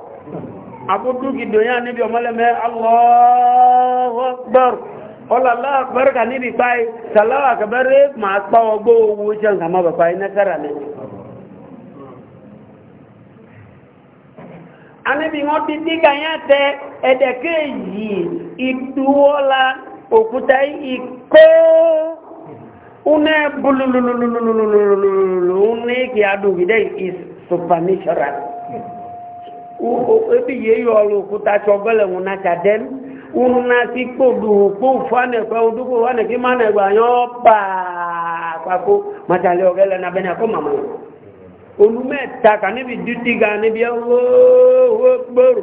akutuki donya níbi ọmọlẹ́mẹ́ alọ́wọ́gbọ́rù ọlọ́lá akẹ́bẹ̀rẹ̀kà níbi páyì sàlọ́wọ́ akẹ́bẹ̀rẹ̀ máa pàwọ́ gbọ́ owó jẹ́ nǹkan máa bàbá iná sára ní aníbi wọ́n ti tí ganyá tẹ ẹ̀dẹ̀kẹ́ yìí ìdúwọ́lá òkúta ìkó une bulululululululu une kí adùn gidẹ́ is supernatural ebi yìí yọ ọlọ òkúta tsọgbẹlẹ ń na tsa dẹm ń na ti kpó du kpó fúanẹ pẹ odúgbò wánẹ kí mánẹ gbà yọ paa kpako màtàlẹ ọgẹ lẹ nàbẹ nàkó màmá yìí olùmẹ ta kà níbi dùtì gà níbi ẹ wó gbòòrò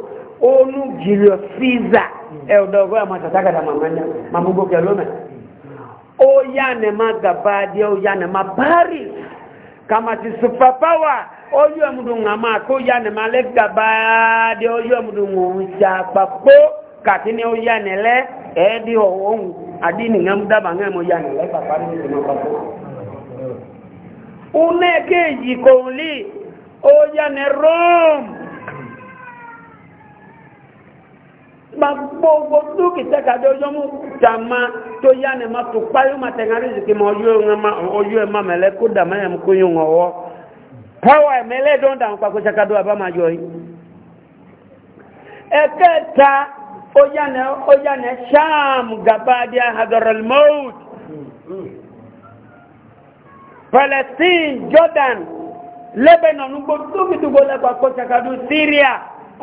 onu jìlọ fíza ẹ ọdọ ọgọ tata kàdà màmá yẹ màmú gbókè lómẹ ó yá nẹ má gàba díẹ ó yá nẹ paris kama ti superpower ojú ẹ̀mùdù ń àmà kó yá ni máa lẹ́ gàbá dé ojú ẹ̀mùdù ń jà pàpó kàtí ni ó yá ni lẹ́ ẹ̀ẹ́dì ọ̀hún àdí nìyẹn ń dábàá ń ẹ̀mọ́ yá ni lẹ́ pàpá ní ìsinmi pàpó. umekeji kò lè ó yá ni gbogbo gbogbo kìtẹ́ka dé ọjọ́ mú jàmá tó yá ni ma tó kpáyó ma tẹ̀ ŋarí zikì ma ọjọ́ ẹ̀ ma mẹ́lẹ́ kó dàmá yẹn kó yín ọwọ́ pàwọ́ ẹ̀ mẹ́lẹ́ dọ́n dàn kpákó tsaka dó abá ma jọ yìí. ẹ̀kẹ́ ta ọjà ni ọjà ni sàm gabadí ahadọ̀rọ̀lì mọ́ọ̀t palestine jordan lebanon gbogbo kìtùgbò lẹ́kọ̀ọ́ kó tsaka do syria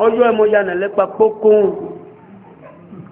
ọjọ́ ẹ̀ mọ́jà ni lẹ́kọ̀ọ́ kpókó.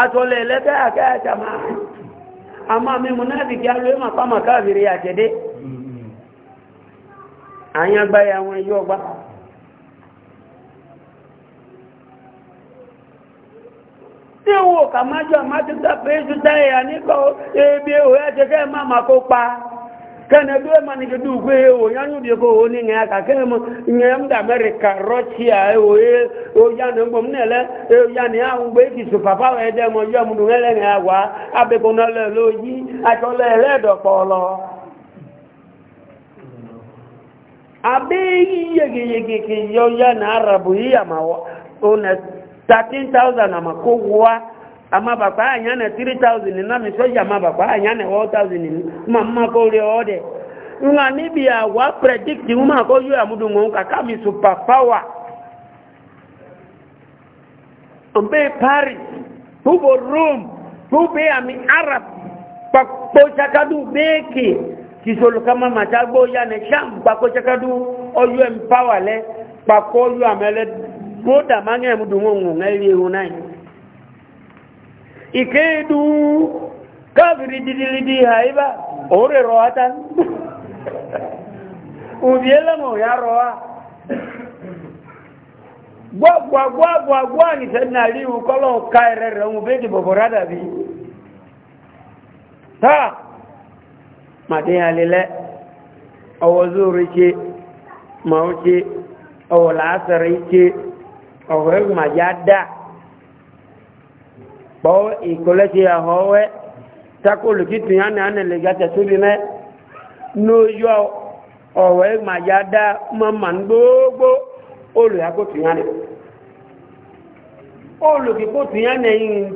atọ́lẹ̀ ẹlẹ́tẹ́ àkẹ́ẹ̀ta máa a máa mímú náà fi kí a lóé màpá màkáàbìrì àjẹ́dé àyàgbáyà wọn ẹyọ ọgbá tí wò kà májọ àmájútà pé jútà ẹ̀yà nípa ebi òwe àjẹ́kẹ́ máa màkó pa kana do man ke du ko e o oh, yanu de ko o ni nga ka ke mo nga am da america russia e eh, o oh, e eh, o oh, ya na mo ne le e ya ni a un be ki su papa e eh, de mo yo mu du le nga wa ko na le lo yi a to le le do po lo abe yi ye ge ye ge ke yo ya na arabu yi ama o na 13000 ama ko wa ama baba anyane 3000 na misoja ama baba anyane 1000 mama ko le ode nga nibi ya wa predict uma ko yu ya mudungo kaka mi super power mbe paris hubo rome hubo ami arab pakpo chakadu beki kisolo kama matagbo ya ne sham pakpo chakadu oyu empower le pakpo yu amele boda mange mudungo ngai wi hunai ìkéèdú káàkiri dídílídí àìbá òórè rọ átá òbí ẹlẹ́mọ̀ ya rọ á gbọ́gbọ́gbọ́gbọ́ ànìṣẹ́ náà rí ìkọlọ̀ ká ẹrẹ rẹ̀ ohun bẹ́ẹ̀dì bọ̀bọ̀ rádà bí táà màdé alilẹ́ ọwọ́ zóòrò ṣe màá ṣe ọwọ́ làásẹ̀rẹ̀ ṣe ọwọ́ kpɔɔ ikolɛti ahɔwɛ takolu kitu yanni anɛlɛ gata tobi mɛ n'oyɔ ɔwɛ madza da maman gbogbo olu yakotu yanni olu kikotu yanni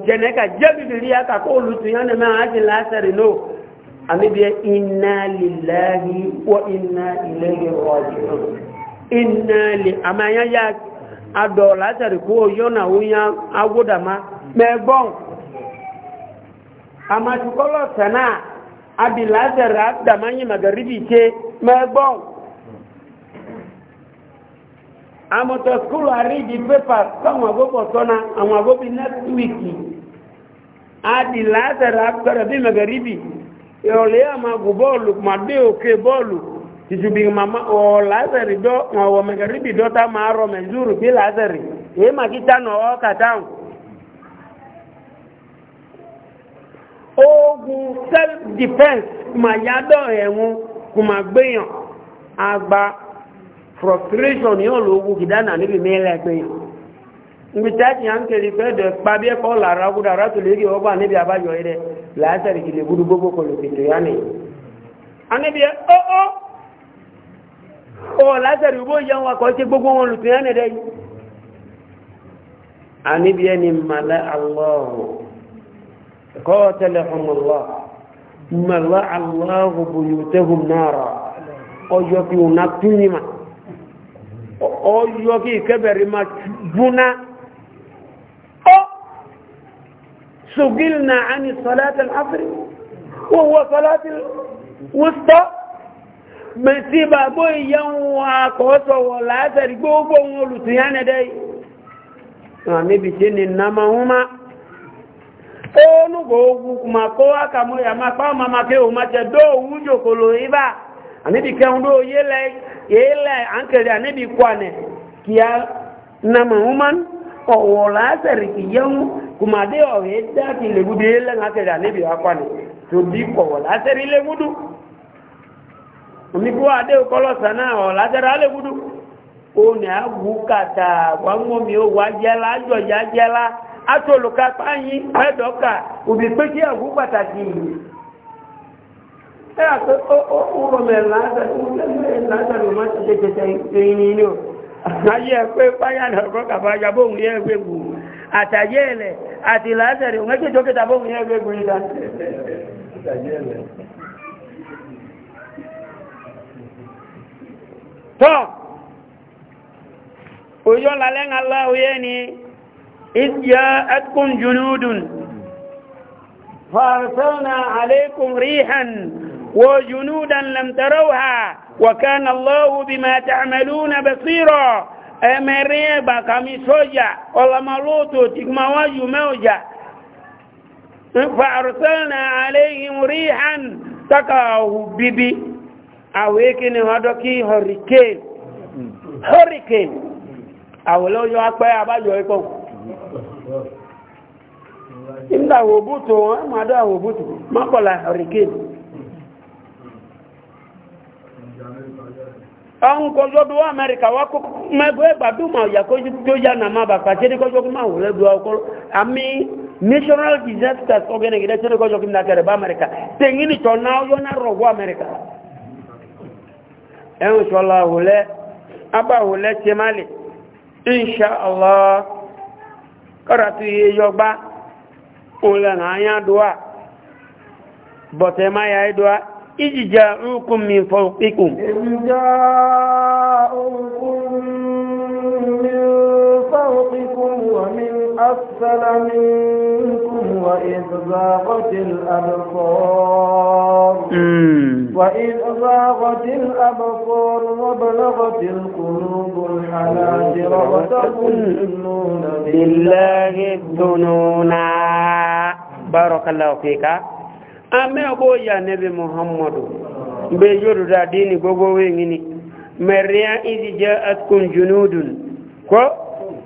jɛnɛ ka jɛbibili ya kakɔ olu tu yanni mɛ ati la asɛri no ami bi inna lillahi wa inna ilayhi rajiun inna li amanya ya adɔ la asɛri ko yɔna wo ya agodama mẹ́gbọ́n àmàtúkọ́lọ̀ sẹ́nà abìlázẹ̀rẹ̀ àdàmáyì màgàríbì ṣe mẹ́gbọ́n àmọ̀tọ̀ skúlù àríjì pépà sọ́wọ́n agbóbọ̀ sọ́nà àwọn agbóbi next week adìlázẹ̀rẹ̀ àgbẹ̀rẹ̀ bí màgàríbì ìrọ̀lẹ́ àmàgù bọ́ọ̀lù màdé òkè bọ́ọ̀lù mama, màmá ọ̀lázẹ̀rì dọ́ ọ̀wọ̀ màgàríbì dọ́ta máa rọ mẹ́zúrù bí lázẹ̀rì èyí màkítà nà ọ́ kàtàùn ogun self defense kuma yádọ̀ ẹ̀wọ̀n kuma gbéyàn agba frustration yóò lo ogun kìdánà níbi mẹ́lẹ̀ gbéyàn ngbìtàkì à ń kèrè pé dẹ̀ pàbí ẹ̀kọ́ làrá gúdà rátò lè rí ọgbà níbi àbáyọ rẹ̀ láàṣẹ̀rì kìlè gúdú gbogbo kọlù kìtò yá nìyí. a níbi ẹ ó ó ó láàṣẹ̀rì bó yẹ wọn kọ́ ṣe gbogbo wọn lùtò yá nìyí. a níbi ẹ ni màlẹ́ àlọ́ọ̀ قاتلهم الله ملع الله بيوتهم نارا أجوكي ونبتني ما أجوكي كبر ما جنا سجلنا عن صلاة العصر وهو صلاة الوسطى mẹ̀síbà bó ìyẹun àkọ́sọ̀wọ̀ látàrí gbogbo ohun olùtìyánẹ̀dẹ́ yìí. àmì bìtí ni nàmà ń máa olugo ogun kuma ko aka mo ya ma pa mama ke o ma je do owu jokolo iba ani bi ke ndo ye le ye le ankele ani bi kwane kia na ma human o wola seri ki yan kuma de o he da gudu ye ade ko lo gudu o ni agukata wa mo atoluka panyi òbí pé kí pàtàkì yìí àti ti tètè ẹyìn ní o ayé ẹ pé báyà kàfà ya ẹgbẹ́ àtàyé àti ẹgbẹ́ tọ́ òyọ́ lálẹ́ ńlá ni. إذ جاءتكم جنود فأرسلنا عليكم ريحا وجنودا لم تروها وكان الله بما تعملون بصيرا أمري بكم سوجا ولملوتو تكما وجموجا فأرسلنا عليهم ريحا تقاه ببي أويكني هدوكي هوريكين هوريكين أولو يوكبي أبا يوكبي nígbà eh, da òbútò wọn máa dá àwọn òbútò mọ́kànlá hurricane àwọn kọjọ́ bí wọ́n amẹ́ríkà wá kó mẹ́gbẹ́ ìgbàdúmọ̀ ìyàkójú tó yá nà má bàbá tẹ́lẹ̀ kọjọ́ kí máa wò lẹ́gbẹ́ ọkọ́ àmì national kọjọ́ kí bá amẹ́ríkà tẹ̀yìn náà yọ náà rọ̀ amẹ́ríkà kọ́ra tó yẹ yọgbá òlànà àyà dùwà bọ̀tẹ̀ má yà é dùwà ìjìjà ńkùn mi fọ́ píkùn. ìjìjà ńkùn أسفل منكم وإذ زاغت الأبصار وإذ زاغت الأبصار وبلغت القلوب الحناجر وتظنون بالله الظنونا بارك الله فيك أما أبو يا نبي محمد بيجور ديني بوبوين مريا إذ جاءتكم junudun ko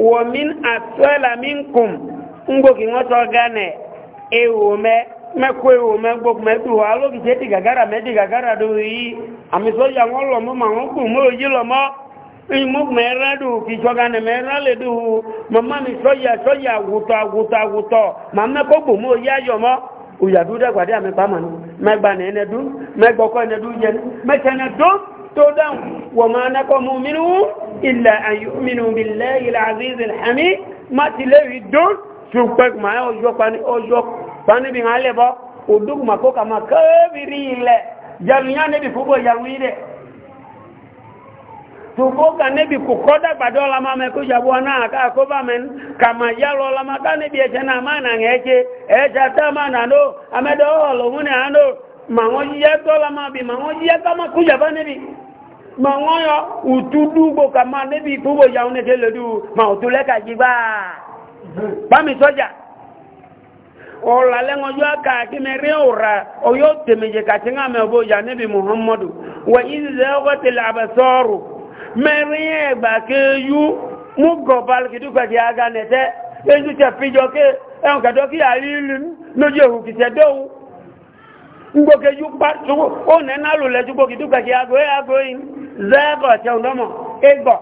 womin àtọ́ẹ̀lámínkùn ń gbòkì wọ́n tọ́ gánẹ̀ ewò mẹ́ mẹ́kọ́ ewò mẹ́ gbòkù mẹ́tù wà lókìtẹ́ ti gàgàrà mẹ́tì gàgàrà tó yí àmì sọ́jà wọn lọ mọ́ màwọn kù mọ́ òjì lọ mọ́ ìmúkù mẹ́rẹ́ dù kì sọ́gánẹ̀ mẹ́rẹ́ lè dù màmá mi sọ́jà sọ́jà àgùtọ̀ àgùtọ̀ àgùtọ̀ màmá kókò mọ́ òjì ayọ̀ mọ́ òyàdúdàgbàdé àmì pàmò mẹ́gbà nìyẹn dún tó dáhùn wọ̀ máa nákọ́ mú mínú ilẹ̀ àyùmínú ilẹ̀ ilẹ̀ àzízi hàmí má ti lérí dún tún pẹ́kùnmá ọjọ́ panibi hàn lẹ́bọ́ òdúkùnmá kó kà máa kẹ́ẹ̀bìrì ilẹ̀ jàmìyàn níbi fúgbọ̀ yàwó ilẹ̀ tuvuka nebi kukoda badola mame kuja bwana akakoba men kama yalo la mata nebi echana mana ngeche echa ma wọ́n yíyá tọ́lá máa bí ma wọ́n yíyá tọ́lá kú yàbá níbi ma wọ́n yọ ùtú dúgbò ká máa níbi ìfúgbò yà ma ò lẹ́ka jí bá bámi sọ́jà ọ̀la lẹ́wọ̀n yọ ká kí mi rí òra ọ̀yọ́ tèmíjì kàtí ń àmì ọ̀bọ̀ yà níbi muhammadu wà ọkọ̀ tẹ̀lé mẹ́rin mú gọ̀bal ngboke yugba tugo o ne na lo le tugo ki dugba ki ago e ago in zego te ondomo ego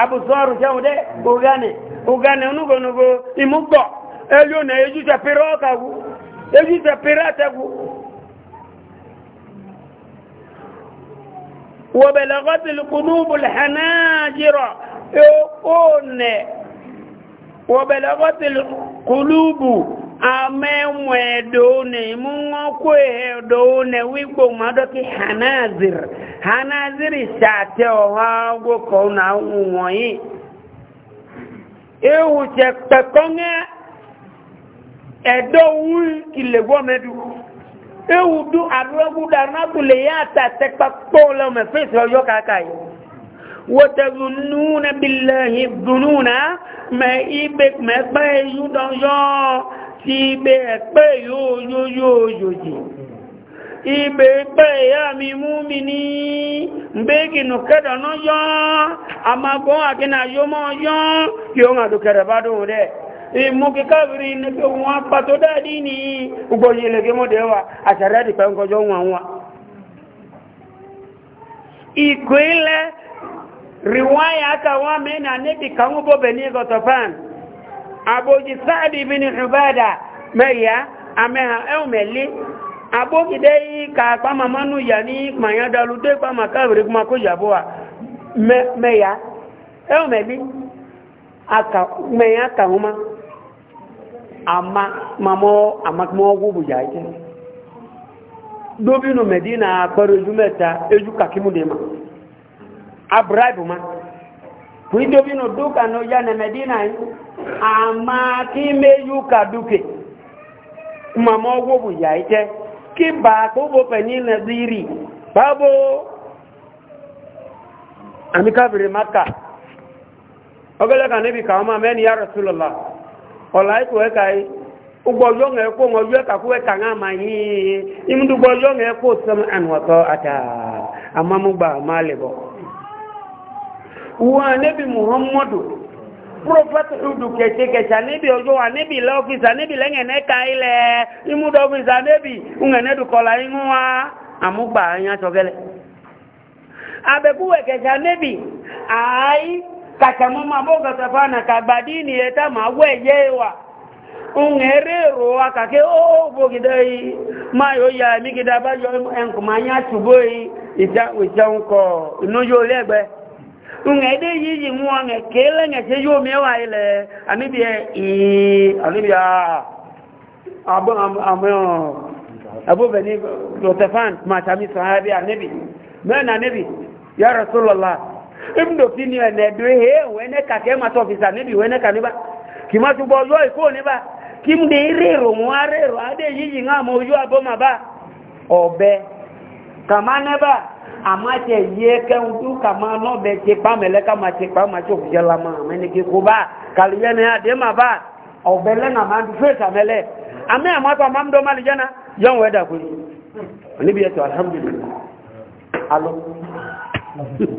abuzoru te onde ugane ugane unugo nugo imugbo elio e, ne eju te pirata gu eju te pirata gu وبلغت القلوب الحناجر اون وبلغت القلوب amemwe done mungokwe done wigbo madoki hanazir hanazir sate oha go kona ngoyi ewu che pekonge edo wu kilegwo medu ewu du arogu darna tule ya ta te pakpolo me feso yo kakai wotazununa billahi dhununa ma ibek ma bayu don ibe ẹ̀pẹ́ yóò yóò yóò yòjì ibe ẹ̀pẹ́ ya mi mú mi ní mbéèkì nù kẹ́dọ̀ náà yọ́ àmàgbọ́ àkínà yóò mọ́ yọ́ kí ó ń àdó kẹ́dọ̀ bá dùn rẹ̀ ìmú kí káàkiri ní pé wọ́n apá tó dáadí ní gbogbo ìyẹlẹ̀ kí mọ́dé wà àṣàrẹ́ wọn wọn abogi sáàdì bí ní ṣùgbọ́dà mẹ́rìá amẹ́hàn ẹ̀hùnmẹ̀lé abókìdé yìí ka pàmà mọ́nú yà ní màyándalu dé pàmà káàbìrì kúmà kó yàbó wa mẹ́yà ẹ̀hùnmẹ̀lé mẹ́yà kàhúnmá àmà màmọ́ àmàkùmọ́ gbogbo yà jẹ́ lóbínú mẹ̀dínà pẹ̀lú ojú mẹ́ta ejú kàkímúdé abraibu ma kùí lóbínú dókànú yà ní àmà tí méyú ka dúkè màmá ọgbọ́ bù yà í jẹ́ kí bà tó bó pẹ̀ ní ilẹ̀ sí rí bábó àmì káfìrí máka ọgọ́lẹ́ka níbi kàwọn máa mẹ́ni yára sí lọ́la ọ̀la ikú ẹ̀ka yìí ugbo ọjọ́ ń ẹ̀kọ́ wọn ọjọ́ ẹ̀ka kú ẹ̀ka náà máa yí ìmúdùgbò ọjọ́ ń ẹ̀kọ́ sọmọ ẹnu ọ̀tọ́ àtà àmàmúgbà máa lè bọ̀ wọn níbi muhammadu prophet hudu kẹsẹ kẹsẹ níbi ojú wa níbi ilẹ̀ ọ́fíìsà níbi lẹ́ngẹ̀ẹ́ ka ilẹ̀ imúdọ̀ ọ́fíìsà níbi ńgẹ̀ẹ́ dùkọ̀lá inú wa àmúgbà ẹ̀yàn sọ́gẹ́lẹ̀. abẹ́kúwẹ̀ kẹsẹ níbi àáyí kàtàmú máa bó kẹsẹ fánà kàgbàdí ni ẹ̀ta máa wẹ̀ yé wa ńgẹ̀ẹ́ rèrò wa kàkẹ́ ó bògidẹ́ yìí máa yóò ya ẹ̀mí gidá bá yọ ẹ̀ǹkùnmáyà ṣùgbọ́ yìí ìjà ìjà ń inú yóò lẹ́gbẹ̀ẹ́ nge de yi yi mu nge kele nge se yo me wa a abo amo abo beni lotefan ma ya rasulullah ene do he ka ke ma to fi ka ni ba ki ma tu bo yo ni yi yi nga mo yo ma obe kama neba amache yeke udu kama no beche pamele kama che kama cho kujala ma mene ke kuba kaliyene ya dema ba obele na mandu fesa mele ame amata mamdo mali jana yon weda kuli ni bi yeto alhamdulillah alo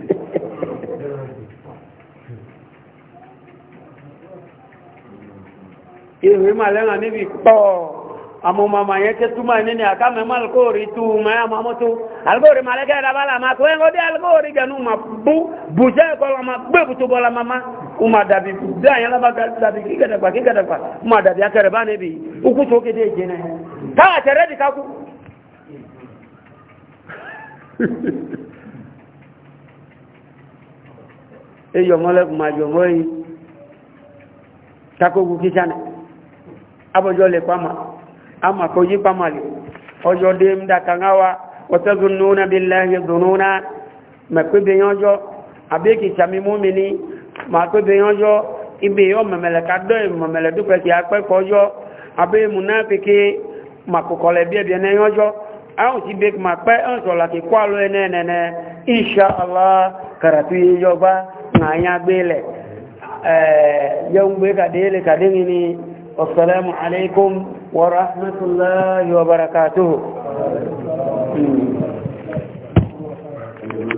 Ìrìn màlẹ́ràn níbi pọ̀ àmọ́ màmá yẹn tẹ́ túmọ̀ nínú àkàmẹ́ mọ́ alukóòrí tú mọ́ àmọ́ mọ́tò alukóòrí malẹ́kẹ́ ìdábà là máa tó ẹ̀ ọ́dẹ́ alukóòrí gẹ̀nu ma bú bùjẹ́ ẹ̀kọ́ la ma gbé bùtò bọ́ la ma ma ó ma dàbí bí àyàn lábà dàbí kí gẹ̀dẹ̀gbà kí gẹ̀dẹ̀gbà ó ma di kakú. eyi ọmọlẹ́kùn máa jọ mọ́ yìí takó gu kíkánná ama ko yipa mali ojo dem da kangawa watazunnuna billahi dhununa makube yojo abeki chami mumini makube yojo ibe yo memele kado memele dupe ti ape kojo abe munafiki makokole bie bie ne yojo awon ti bek mape an so la ki kwalo ene ene ne insha allah karatu yojo ba nganya gbele eh yo ngbe kadele kadeni ni assalamu alaikum ورحمة الله وبركاته